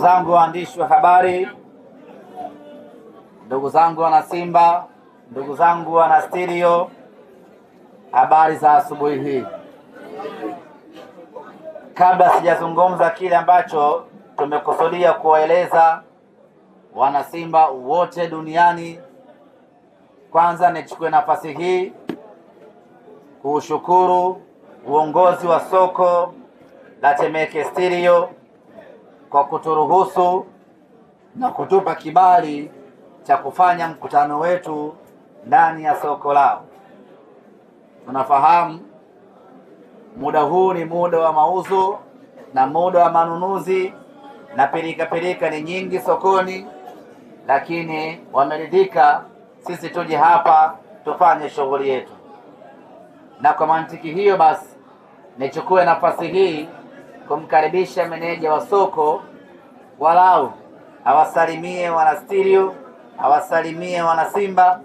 zangu waandishi wa habari, ndugu zangu wana Simba, ndugu zangu wana Stereo, habari za asubuhi hii. Kabla sijazungumza kile ambacho tumekusudia kuwaeleza wana Simba wote duniani, kwanza nichukue nafasi hii kuushukuru uongozi wa soko la Temeke Stereo kwa kuturuhusu na kutupa kibali cha kufanya mkutano wetu ndani ya soko lao. Tunafahamu muda huu ni muda wa mauzo na muda wa manunuzi na pilikapilika ni nyingi sokoni, lakini wameridhika sisi tuje hapa tufanye shughuli yetu. Na kwa mantiki hiyo basi, nichukue nafasi hii kumkaribisha meneja wa soko walau awasalimie wanastirio, awasalimie wanasimba,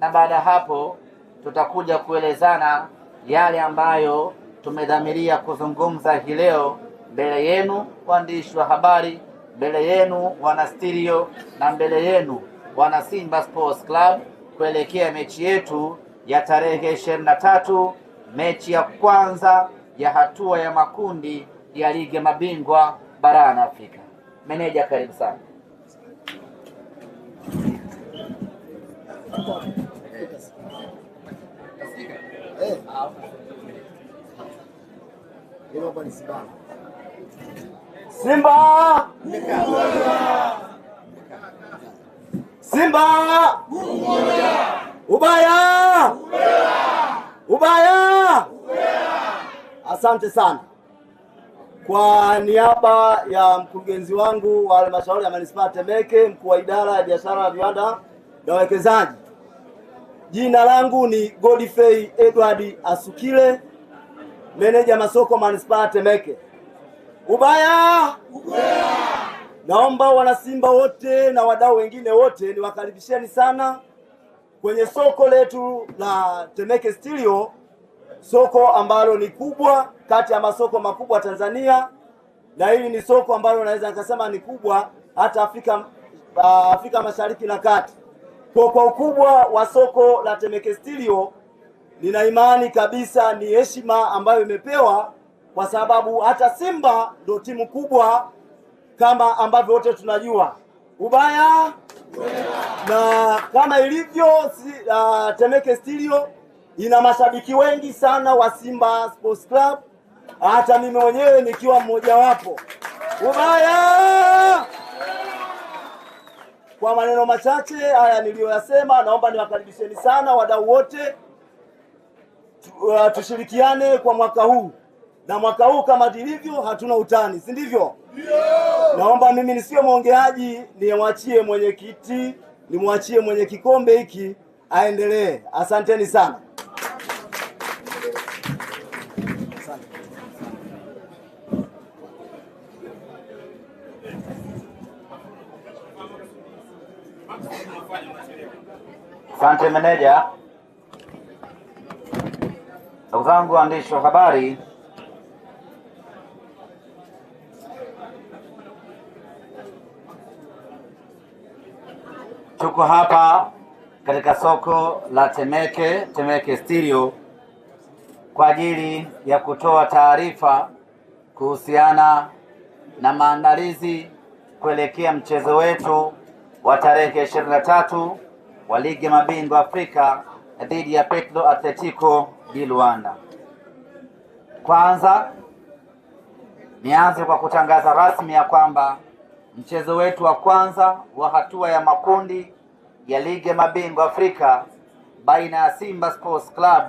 na baada ya hapo tutakuja kuelezana yale ambayo tumedhamiria kuzungumza hii leo mbele yenu waandishi wa habari, mbele yenu wanastirio, na mbele yenu wana Simba Sports Club kuelekea mechi yetu ya tarehe ishirini na tatu, mechi ya kwanza ya hatua ya makundi ya ligi mabingwa barani Afrika. Meneja, karibu sana. Simba! Simba! Ubaya! Ubaya! Asante sana. Kwa niaba ya mkurugenzi wangu wa halmashauri ya manispaa Temeke, mkuu wa idara ya biashara ya viwanda na wawekezaji, jina langu ni Godfrey Edward Asukile, meneja masoko manispaa Temeke. Ubaya, ubaya! Naomba wanasimba wote na wadau wengine wote niwakaribisheni sana kwenye soko letu la Temeke Studio soko ambalo ni kubwa kati ya masoko makubwa Tanzania, na hili ni soko ambalo naweza nikasema ni kubwa hata Afrika, uh, Afrika Mashariki na Kati. Kwa kwa ukubwa wa soko la Temeke Studio, nina imani kabisa ni heshima ambayo imepewa kwa sababu hata Simba ndio timu kubwa kama ambavyo wote tunajua ubaya, yeah. Na kama ilivyo si, uh, Temeke Studio ina mashabiki wengi sana wa Simba Sports Club, hata mimi mwenyewe nikiwa mmojawapo. Ubaya kwa maneno machache haya niliyoyasema, naomba niwakaribisheni sana wadau wote tu, uh, tushirikiane kwa mwaka huu na mwaka huu kama dilivyo, hatuna utani, si ndivyo? Naomba mimi nisiwe mwongeaji, niwachie mwenyekiti, nimwachie mwenye kikombe hiki aendelee. Asanteni sana. Asante meneja. Ndugu zangu waandishi wa habari, tuko hapa katika soko la Temeke, Temeke Studio kwa ajili ya kutoa taarifa kuhusiana na maandalizi kuelekea mchezo wetu wa tarehe ishirini na tatu wa ligi ya mabingwa Afrika dhidi ya Petro Atletico di Luanda. Kwanza nianze kwa kutangaza rasmi ya kwamba mchezo wetu wa kwanza wa hatua ya makundi ya ligi ya mabingwa Afrika baina ya Simba Sports Club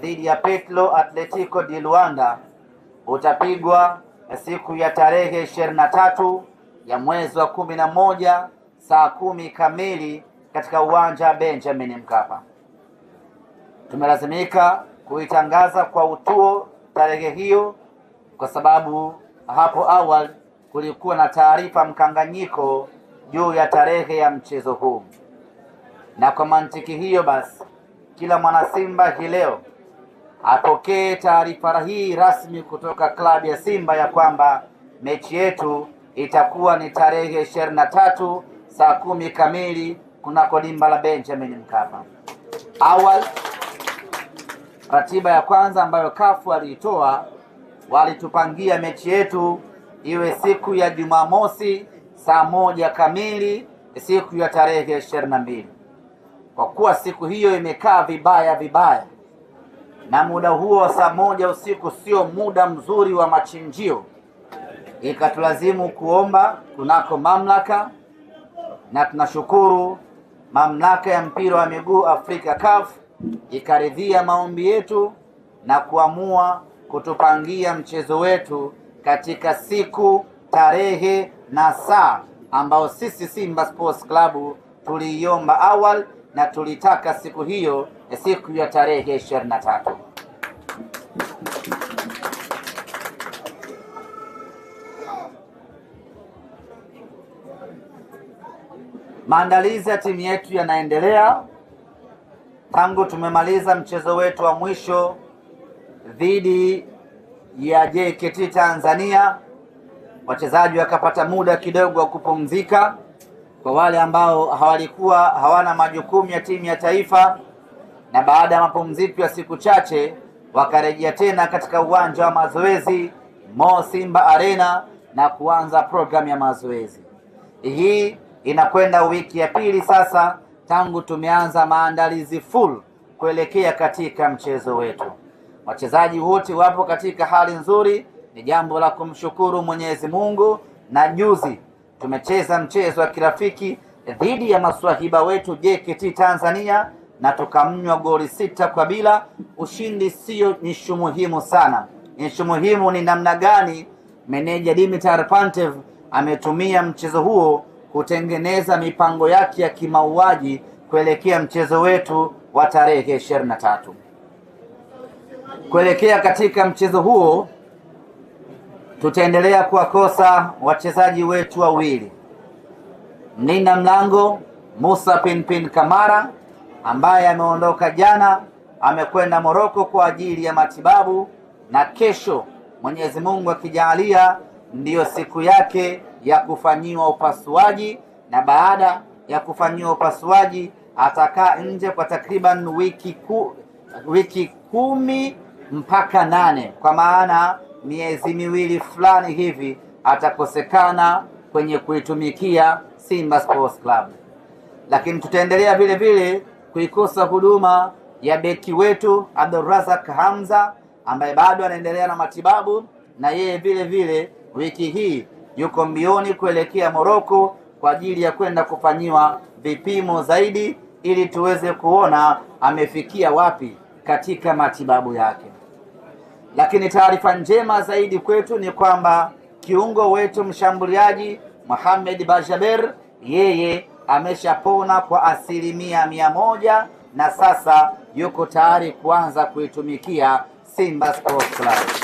dhidi ya Petro Atletico di Luanda utapigwa siku ya tarehe ishirini na tatu ya mwezi wa kumi na moja saa kumi kamili katika uwanja wa Benjamin Mkapa. Tumelazimika kuitangaza kwa utuo tarehe hiyo kwa sababu hapo awali kulikuwa na taarifa mkanganyiko juu ya tarehe ya mchezo huu, na kwa mantiki hiyo basi, kila mwana Simba hii leo apokee taarifa hii rasmi kutoka klabu ya Simba ya kwamba mechi yetu itakuwa ni tarehe ishirini na tatu saa kumi kamili kunako dimba la Benjamin Mkapa. Awali, ratiba ya kwanza ambayo kafu aliitoa walitupangia mechi yetu iwe siku ya Jumamosi saa moja kamili siku ya tarehe ishirini na mbili. Kwa kuwa siku hiyo imekaa vibaya vibaya, na muda huo wa saa moja usiku sio muda mzuri wa machinjio, ikatulazimu kuomba kunako mamlaka, na tunashukuru mamlaka ya mpira wa miguu Afrika CAF ikaridhia maombi yetu na kuamua kutupangia mchezo wetu katika siku, tarehe na saa ambao sisi Simba Sports Club tuliiomba awali na tulitaka siku hiyo, siku ya tarehe ishirini na tatu. Maandalizi ya timu yetu yanaendelea tangu tumemaliza mchezo wetu wa mwisho dhidi ya JKT Tanzania, wachezaji wakapata muda kidogo wa kupumzika. Kwa wale ambao hawalikuwa hawana majukumu ya timu ya taifa, na baada ya mapumziko ya siku chache wakarejea tena katika uwanja wa mazoezi Mo Simba Arena na kuanza programu ya mazoezi hii Inakwenda wiki ya pili sasa tangu tumeanza maandalizi full kuelekea katika mchezo wetu. Wachezaji wote wapo katika hali nzuri, ni jambo la kumshukuru Mwenyezi Mungu. Na juzi tumecheza mchezo wa kirafiki dhidi ya maswahiba wetu JKT Tanzania na tukamnywa goli sita kwa bila. Ushindi sio nishu muhimu sana, nishu muhimu ni namna gani meneja Dimitar Pantev ametumia mchezo huo kutengeneza mipango yake ya kimauaji kuelekea mchezo wetu wa tarehe ishirini na tatu. Kuelekea katika mchezo huo tutaendelea kuwakosa wachezaji wetu wawili, mlinda mlango Musa Pinpin Kamara ambaye ameondoka jana, amekwenda Moroko kwa ajili ya matibabu, na kesho Mwenyezi Mungu akijaalia ndiyo siku yake ya kufanyiwa upasuaji, na baada ya kufanyiwa upasuaji atakaa nje kwa takriban wiki, ku, wiki kumi mpaka nane, kwa maana miezi miwili fulani hivi atakosekana kwenye kuitumikia Simba Sports Club. Lakini tutaendelea vile vile kuikosa huduma ya beki wetu Abdulrazak Hamza ambaye bado anaendelea na matibabu na yeye vile vile wiki hii yuko mbioni kuelekea Moroko kwa ajili ya kwenda kufanyiwa vipimo zaidi ili tuweze kuona amefikia wapi katika matibabu yake. Lakini taarifa njema zaidi kwetu ni kwamba kiungo wetu mshambuliaji Mohamed Bajaber yeye ameshapona kwa asilimia mia moja na sasa yuko tayari kuanza kuitumikia Simba Sports Club.